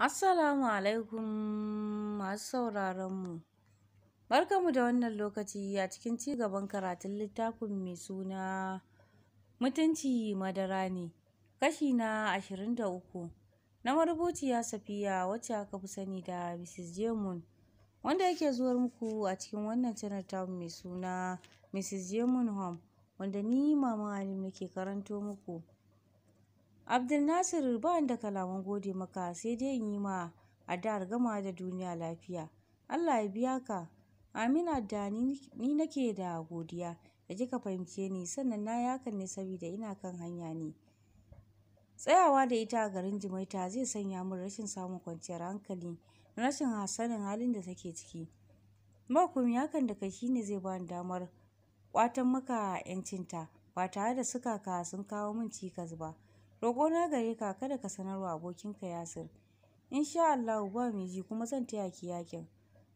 Assalamu alaikum masu sauraronmu. Barkanmu da wannan lokaci a cikin ci gaban karatun littafin mai suna Mutunci madara ne, kashi na ashirin da uku na marubuciya Safiya wacce aka fi sani da Mrs. Jemun wanda yake zuwar muku a cikin wannan channel tamu mai suna Mrs. Jemun Home wanda ni Mama nake karanto muku. Abdul Nasir ba da kalaman gode maka sai dai in yi ma addu'ar gama da duniya lafiya. Allah ya biya ka. Amina da ni nake da godiya da kika fahimce ni sannan na yi hakan ne saboda ina kan hanya ne. Tsayawa da ita a garin Jimaita zai sanya min rashin samun kwanciyar hankali da rashin sanin halin da take ciki. Ba komai hakan da kai ne zai ba ni damar ƙwatan maka 'yancinta ba tare da sukaka sun kawo min cikas ba. Roƙo na gare ka kada ka sanar sanarwa abokinka Yasir. In sha Allahu ba mai ji kuma zan taya ki yakin.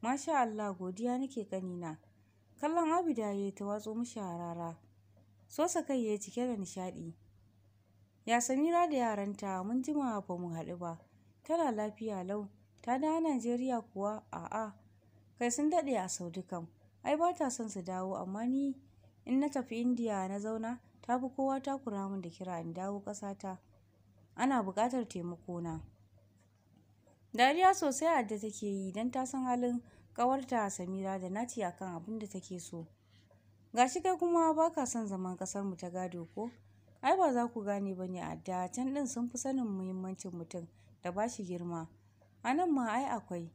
Masha Allah godiya nake ƙanina. Kallon Abida ya ta watso mishi harara. Sosa kai ya cike da nishaɗi. Ya Samira da yaranta mun jima ba mu haɗu ba. Tana lafiya lau. Ta da Najeriya kuwa? A'a. Kai sun daɗe a Saudi Ai ba ta son su dawo amma ni in na tafi Indiya na zauna ta fi kowa takura min da kira in dawo ƙasata ana buƙatar taimakona dariya sosai adda take yi don ta san halin ƙawarta samira da nati kan abin da take so Ga shi kai kuma ba ka son zaman ƙasar mu ta gado ko ai ba za ku gane ba ne a adda can ɗin sun fi sanin muhimmancin mutum da ba shi girma a nan ma ai akwai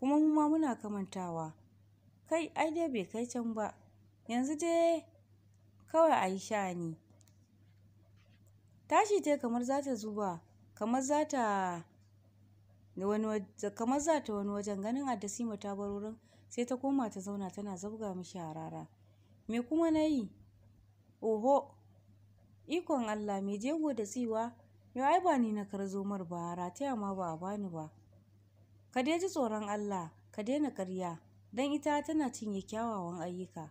kuma mu ma muna kamantawa kai ai dai bai kai can ba yanzu dai kawai a yi ne Tashi tai kamar za ta zuba, kamar za ta wani kamar za ta wani wajen ganin addasi ta bar wurin sai ta koma ta zauna tana zabga mishi harara. Me kuma na yi? Oho! Ikon Allah me jego da tsiwa, yo ai ba ni na karzomar ba rataya ma ba a bani ba. Ka dai ji tsoron Allah, ka daina karya. Dan ita tana cinye kyawawan ayyuka.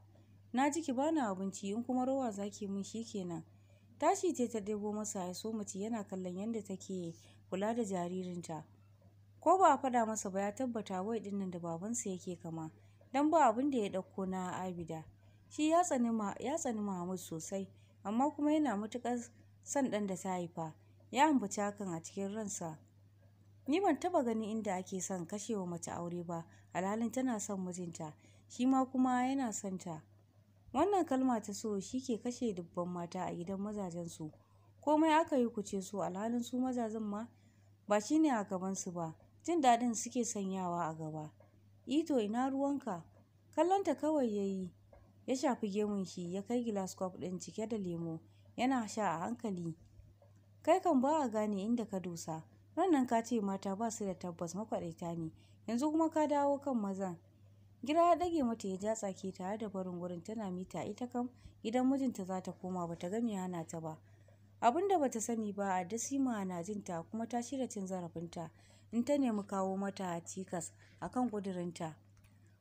na ji ki bani abinci in kuma rawa zaki min shikenan tashi ce ta debo masa ya so mace yana kallon yadda take kula da jaririnta ko ba a faɗa masa ba ya tabbata wai ɗinnan da babansa yake kama dan ba abin da ya ɗauko na abida shi ya tsani ya tsani mahmud sosai amma kuma yana matuƙar son ɗan da ta haifa ya ambaci hakan a cikin ransa ni ban taɓa gani inda ake son kashewa mace aure ba alhalin tana son mijinta shi ma kuma yana son ta wannan kalma ta so shi ke kashe dubban mata a gidan mazajen su komai aka yi kuce su alhalin su mazajen ma ba shi ne a su ba jin daɗin suke sanyawa a gaba ito ina ruwanka kallonta kawai ya yi ya shafi gemun shi ya kai glass cup ɗin cike da lemo yana sha a hankali kai kan ba a gane inda ka dosa nan ka ce mata ba su da tabbas makwaɗaita ne yanzu kuma ka dawo kan mazan Gira ya ɗage mata ya ja tsaki tare da barin wurin tana mita ita kam gidan mijinta za ta koma bata ga me hana ta ba. Abin da bata sani ba a dasima na jinta kuma ta shirya cin zarafinta in ta nemi kawo mata cikas kan gudurinta.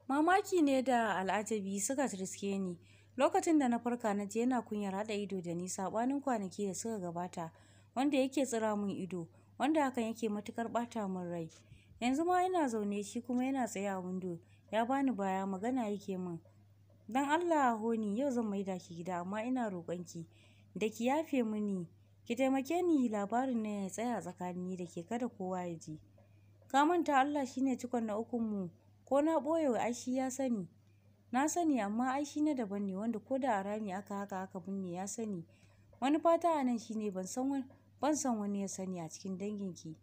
Mamaki ne da al'ajabi suka riske ni. Lokacin da na farka na je yana kunyar haɗa ido da ni saɓanin kwanaki da suka gabata wanda yake tsira min ido wanda hakan yake matukar ɓata min rai. Yanzu ma yana zaune shi kuma yana tsaye a windo ya bani baya magana yake min. Dan Allah Honi yau zan maida ki gida amma ina roƙonki da ki yafe mini. Ki taimake ni labarin ne ya tsaya tsakanin da ke kada kowa ya ji. Ka manta Allah shine cikon na ukun mu ko na ɓoye wa ai shi ya sani. Na sani amma ai shi na daban ne wanda ko da a rami aka haka aka binne ya sani. Wani fata a nan shine ban san wani ban san wani ya sani a cikin dangin ki.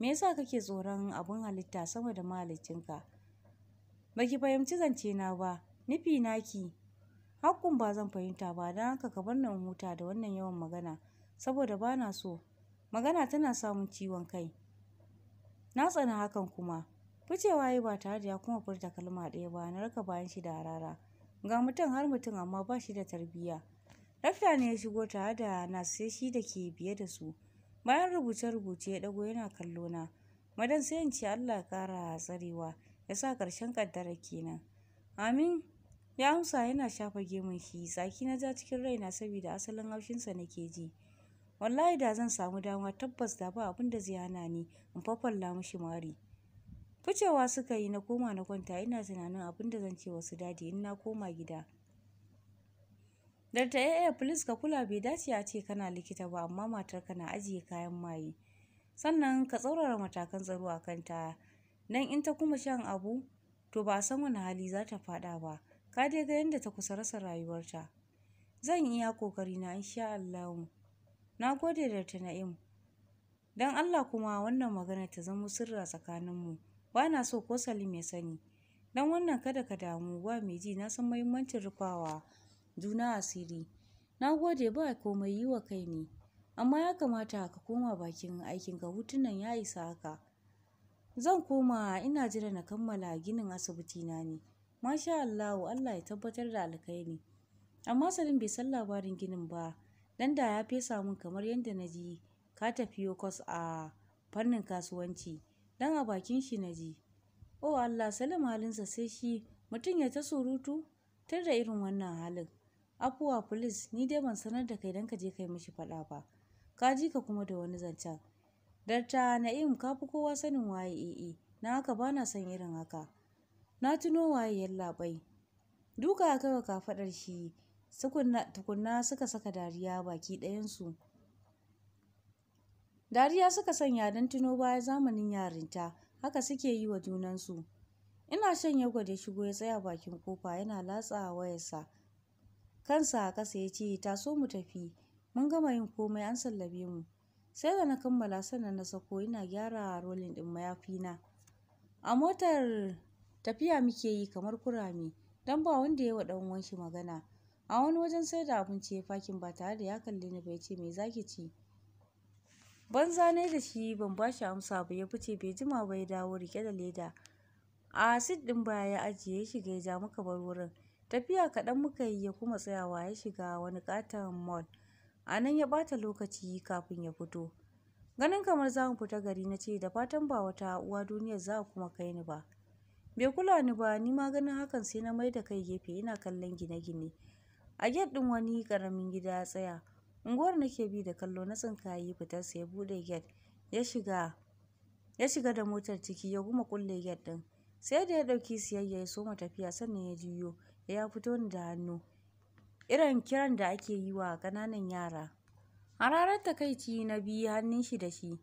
Me yasa kake tsoron abin halitta sama da mahaliccinka? baki fahimci zance na ba nufi naki hakkun ba zan fahimta ba don haka ka bar nan huta da wannan yawan magana saboda bana so magana tana samun ciwon kai na tsana hakan kuma ficewa yi ba tare da ya kuma furta kalma ɗaya ba na raka bayan shi da harara ga mutum har mutum amma ba shi da tarbiyya Rafta ne ya shigo tare da sai shi da ke biye da su bayan rubuce-rubuce ya ɗago yana kallo na madan sai in ce Allah ya ƙara tsarewa ya sa ƙarshen ƙaddara kenan. Amin. Ya amsa yana shafa gemun shi, tsaki na ja cikin rai raina saboda asalin haushinsa nake ji. Wallahi da zan samu dama tabbas da ba abin da zai hana ni in fafalla mishi mari. Ficewa suka yi na koma na kwanta ina tunanin abin da zan ce wasu dadi in na koma gida. Darta yaya filis ka kula bai dace a ce kana likita ba amma matarka na ajiye kayan maye. Sannan ka tsaurara matakan tsaro a kanta nan in ta kuma shan abu to ba a san wani hali za ta faɗa ba ka dai ga yadda ta kusa rasa rayuwarta zan iya ƙoƙari na insha Allahu na gode da ta na'im don Allah kuma wannan magana ta zama sirra tsakaninmu ba na so ko Salim ya sani don wannan kada ka damu wa mai ji na san muhimmancin rufawa juna asiri na gode ba komai yi wa kai ne amma ya kamata ka koma bakin aikinka hotunan ya isa haka Zan koma ina jira na kammala ginin asibiti na ne. Masha Allahu Allah ya tabbatar da alkhairi. Amma Salim bai san labarin ginin ba. Dan da ya fesa min kamar yadda na ji ka tafi Yokos a fannin kasuwanci. Dan a bakin shi na ji. Oh Allah Salim halinsa sai shi mutum ya ta surutu tar da irin wannan halin. Afuwa please ni dai ban sanar da kai dan ka je kai mishi faɗa ba. Ka ji ka kuma da wani zancen. Darta Na'im ka fi kowa sanin waye ee na haka ba na son irin haka. Na tuno waye yallaɓai. Duka kawai wa kafaɗar shi tukunna suka saka dariya baki ɗayansu. Dariya suka sanya don tuno baya zamanin yarinta haka suke yi wa junansu. Ina shan yogurt ya shigo ya tsaya bakin kofa yana latsa wayarsa. Kansa a ƙasa ya ce taso mu tafi mun gama yin komai an sallame mu. sai da na kammala sannan na sako ina gyara rolin ɗin mayafina a motar tafiya muke yi kamar kurame don ba wanda ya wa ɗan shi magana a wani wajen sai da abinci ya fakin ba tare da ya kalle ni ba ya ce me zaki ci banza zane da shi ban ba shi amsa ba ya fice bai jima ba ya dawo rike da leda a sit ɗin baya ya ajiye ya shiga ya ja muka bar wurin tafiya kaɗan muka yi ya kuma tsayawa ya shiga wani ƙaton mall A nan ya bata lokaci kafin ya fito. Ganin kamar za mu fita gari na ce da fatan ba wata uwa duniyar za a kuma kai ni ba. Bai kula ni ba ni ma ganin hakan sai na mai da kai gefe ina kallon gine-gine. A get ɗin wani ƙaramin gida ya tsaya. Unguwar nake bi da kallo na fitar sa ya buɗe gate ya shiga ya shiga da motar ciki ya kuma kulle gate ɗin. Sai da ya ɗauki siyayya ya soma tafiya sannan ya juyo ya fito ni da hannu. irin kiran da ake yi wa ƙananan yara. Hararar takaici na biyu hannun shi da shi.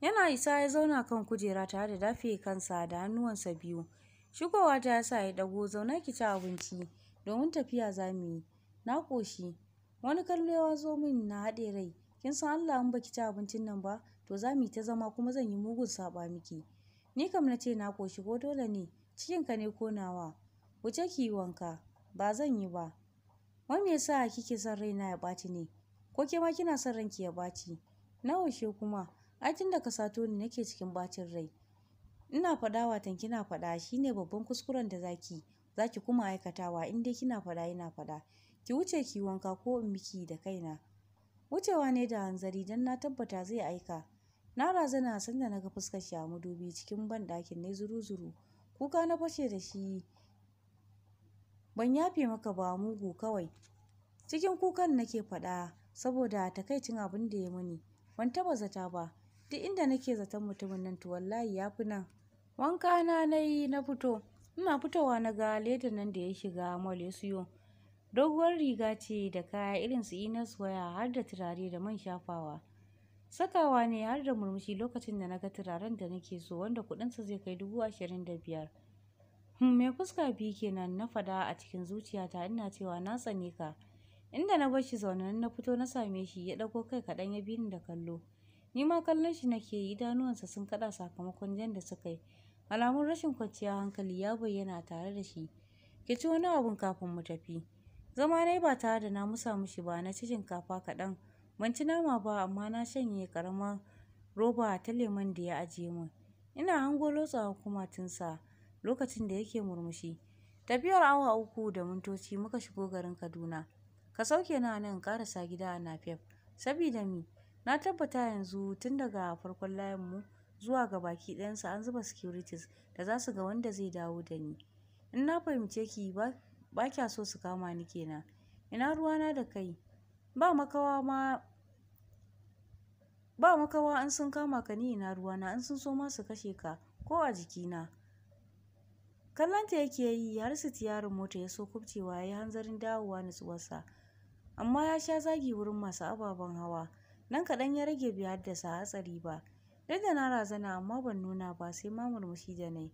Yana isa ya zauna kan kujera tare da dafe kansa da hannuwansa biyu. Shigowa ta ya sa ya ɗago zauna ki ci abinci domin tafiya za mu yi. Na ƙoshi. Wani kallo ya zo min na haɗe rai. Kin san Allah in baki ci abincin nan ba to za mu yi ta zama kuma zan yi mugun saɓa miki. Ni kam na ce na ƙoshi ko dole ne cikinka ne ko nawa. Wuce ki yi wanka. Ba zan yi ba. wai me yasa kike son raina ya ɓaci ne ko ke ma kina son ranki ya ɓaci na washe kuma ai tun da ka sato ni nake cikin bacin rai ina faɗa watan kina faɗa shine babban kuskuren da zaki zaki kuma aikatawa in dai kina faɗa ina faɗa ki wuce ki wanka ko in miki da kaina wucewa ne da hanzari dan na tabbata zai aika na razana sanda na ga fuskar shi a madubi cikin ban ɗakin ne zuru-zuru kuka na fashe da shi ban yafe maka ba mugu kawai cikin kukan nake faɗa saboda takaicin abin da ya muni ban taɓa zata ba duk inda nake zaton mutumin nan to wallahi ya fi nan wanka na yi na fito ina fitowa na ga ledan nan da ya shiga mall ya siyo doguwar riga ce da kaya irin su inas waya har da turare da man shafawa sakawa ne har da murmushi lokacin da na ga turaren da nake so wanda kuɗinsa zai kai dubu ashirin da biyar Mai hmm, fuska biyu kenan na fada a cikin zuciyata ina cewa na tsane ka. Inda na bar shi zaunan na fito na same shi ya ɗauko kai kaɗan ya bi ni da kallo. Ni ma kallon shi nake yi idanuwansa sun kaɗa sakamakon jan da suka yi. Alamun rashin kwanciyar hankali ya bayyana tare da shi. Ki ci wani abun kafin mu tafi. Zama na ba tare da na musa mishi ba na ci shinkafa kaɗan. Ban ci nama ba amma na shanye karamar roba ta lemon da ya ajiye min. Ina hango lotsawa sa. lokacin da yake murmushi. Tafiyar awa uku da mintoci muka shigo garin Kaduna. Ka sauke na nan karasa gida a Nafef. Sabida mi, na tabbata yanzu tun daga farkon mu zuwa ga baki ɗayansa an zuba securities da za su ga wanda zai dawo da ni. In na fahimce ki ba kya so su kama ni kenan. Ina ruwana da kai? Ba makawa ma ba makawa an sun kama ka ni ina ruwana an sun so ma su kashe ka ko a jikina kallonta yake yi ya rasa tiyarin mota ya so kubcewa ya yi hanzarin dawowa nutsuwarsa amma ya sha zagi wurin masu ababen hawa nan kaɗan ya rage bai haddasa hatsari ba duk da na razana amma ban nuna ba sai ma murmushi da nai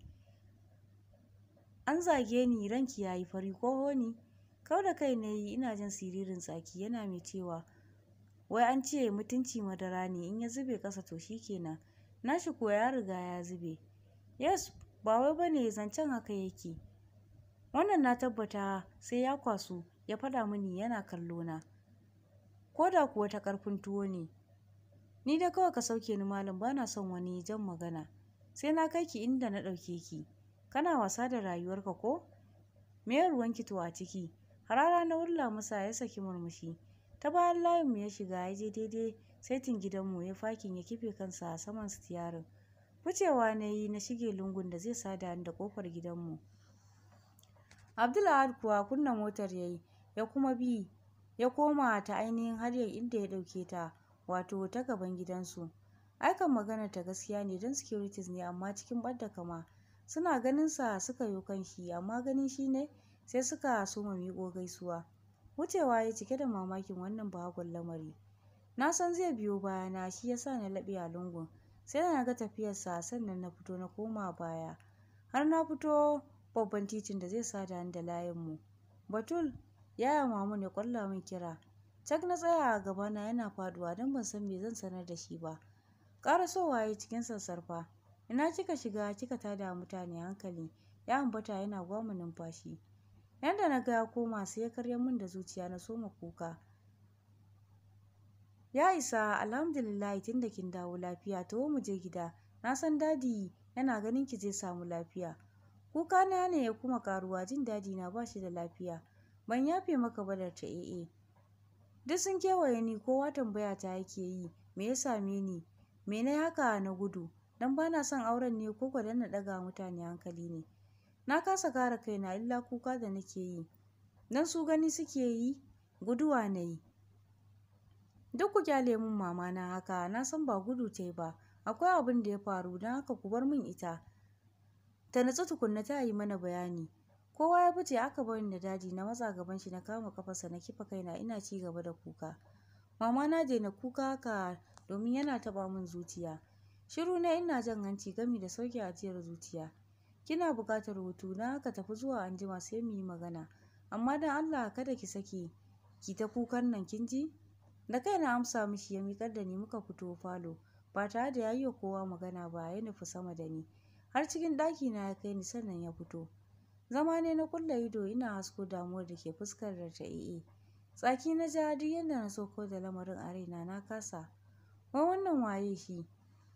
an zage ni ranki ya yi fari ko honi kau da kai na yi ina jin siririn tsaki yana mai cewa wai an ce mutunci madara ne in ya zube ƙasa to shikenan nashi kuwa ya riga ya zube yes ba wai ba ne zancen haka yake. Wannan na tabbata sai ya kwasu ya faɗa mini yana kallo na. Ko da kuwa ta karfin tuwo ne. Ni da kawai ka sauke ni malam ba na son wani jan magana. Sai na kai ki inda na ɗauke ki. Kana wasa da rayuwarka ko? Me ruwan ki to a ciki? Harara na wulla masa ya saki murmushi. Ta bayan layinmu ya shiga ya je daidai saitin gidanmu ya fakin ya kife kansa a saman sitiyarin. wucewa na yi na shige lungun da zai sada ni da kofar gidanmu. Abdulahad kuwa kunna motar ya ya kuma bi, ya koma ta ainihin hanyar inda ya ɗauke ta, wato ta gaban gidansu. Aikan maganar ta gaskiya ne don securities ne amma cikin ɓadda kama. Suna ganin sa suka yi kan amma ganin shi ne sai suka soma miƙo gaisuwa. Wucewa ya cike da mamakin wannan bahagon lamari. Na san zai biyo bayana shi yasa sa na laɓe a lungun. sai da na ga tafiyarsa sannan na fito na koma baya har na fito babban titin da zai sada ni da layinmu batul yaya mamu ya kwalla min kira cak na tsaya a gaba na yana faduwa don ban san me zan sanar da shi ba ƙarasowa ya cikin sassarfa ina kika shiga kika tada mutane hankali ya ambata yana gwama numfashi yanda na ga ya koma sai ya karya mun da zuciya na soma kuka Ya isa alhamdulillah tun da kin dawo lafiya to mu je gida. Na san dadi yana ganin ki je samu lafiya. Kuka na ne ya kuma karuwa jin dadi na ba shi da lafiya. Ban yafe maka ba da ta ee. Duk sun kewaye ni kowa tambaya ta yake yi me ya same ni me na haka na gudu dan bana son auren ne ko kwadan na daga mutane hankali ne. Na kasa kare kaina illa kuka da nake yi. Dan su gani suke yi guduwa na yi. duk ku kyale min mama na haka na san ba gudu ta ba akwai abin da ya faru don haka ku bar min ita ta natsu tukunna ta yi mana bayani kowa ya fice aka bar ni da daji na matsa gaban shi na kama kafarsa na kifa kaina ina ci gaba da kuka mama na daina kuka haka domin yana taɓa min zuciya shiru na ina jan hanci gami da sauke ajiyar zuciya kina buƙatar hutu na haka tafi zuwa anjima sai mu yi magana amma don Allah kada ki sake ki ta kukan nan kin ji da kai na amsa mishi ya miƙar da ni muka fito falo ba tare da yayi wa kowa magana ba ya nufi sama da ni har cikin ɗaki na ya kai ni sannan ya fito zama ne na kulla ido ina hasko damuwar da ke fuskar da ta ee tsaki na ja duk yadda na sauko da lamarin a raina na kasa wai wannan waye shi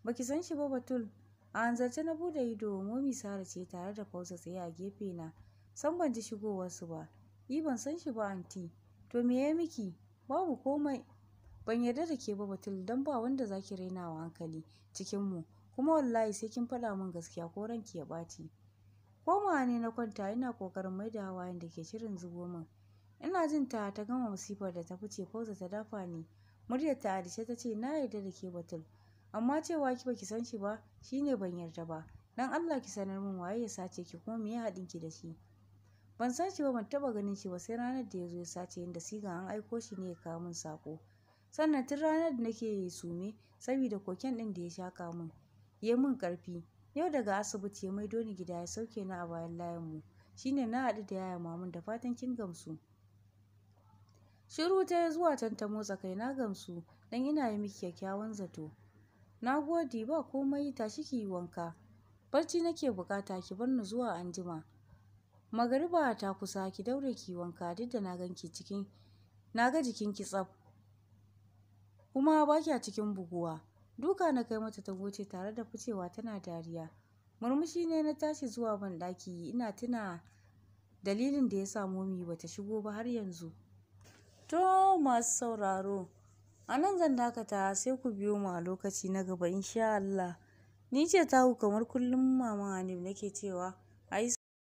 baki san shi ba batul a hanzarce na bude ido momi sara ce tare da fausa tsaye a gefe na san ban ji shigowarsu ba yi ban san shi ba anti to me ya miki babu komai ban yarda da ke ba batul don ba wanda za raina wa hankali cikin mu kuma wallahi sai kin faɗa min gaskiya ko ranki ya ɓaci komawa ne na kwanta ina kokarin mai da hawayen da ke shirin zubo min ina jin ta ta gama masifar da ta fice da ta dafa ni muryar ta adishe ta ce na yarda da ke batul amma cewa ki baki san shi ba shi ne ban yarda ba dan Allah ki sanar min waye ya sace ki kuma me ya haɗin ki da shi ban san shi ba ban taɓa ganin shi ba sai ranar da ya zo ya sace inda siga an aiko shi ne ya kawo min sako sannan tun ranar da nake sume saboda koken ɗin da ya shaƙa min ya min ƙarfi yau daga asibiti ya maido ni gida ya sauke ni a bayan layin mu shine na haɗu da yaya mamun da fatan kin gamsu shiru ta zuwa can ta motsa kai na gamsu dan ina yi miki kyakkyawan zato na gode ba komai tashi ki yi wanka barci nake bukata ki bar ni zuwa anjima magariba ta kusa ki daure ki wanka duk da na ganki cikin na ga jikinki tsaf kuma ba a cikin buguwa. Duka na kai mata ta goce tare da ficewa tana dariya. Murmushi ne na tashi zuwa banɗaki ina tuna dalilin da ya sa momi bata shigo ba har yanzu. To masu sauraro, a nan zan dakata sai ku biyo mu a lokaci na gaba insha Allah. Ni ce taku kamar kullum Mama Hanif nake cewa,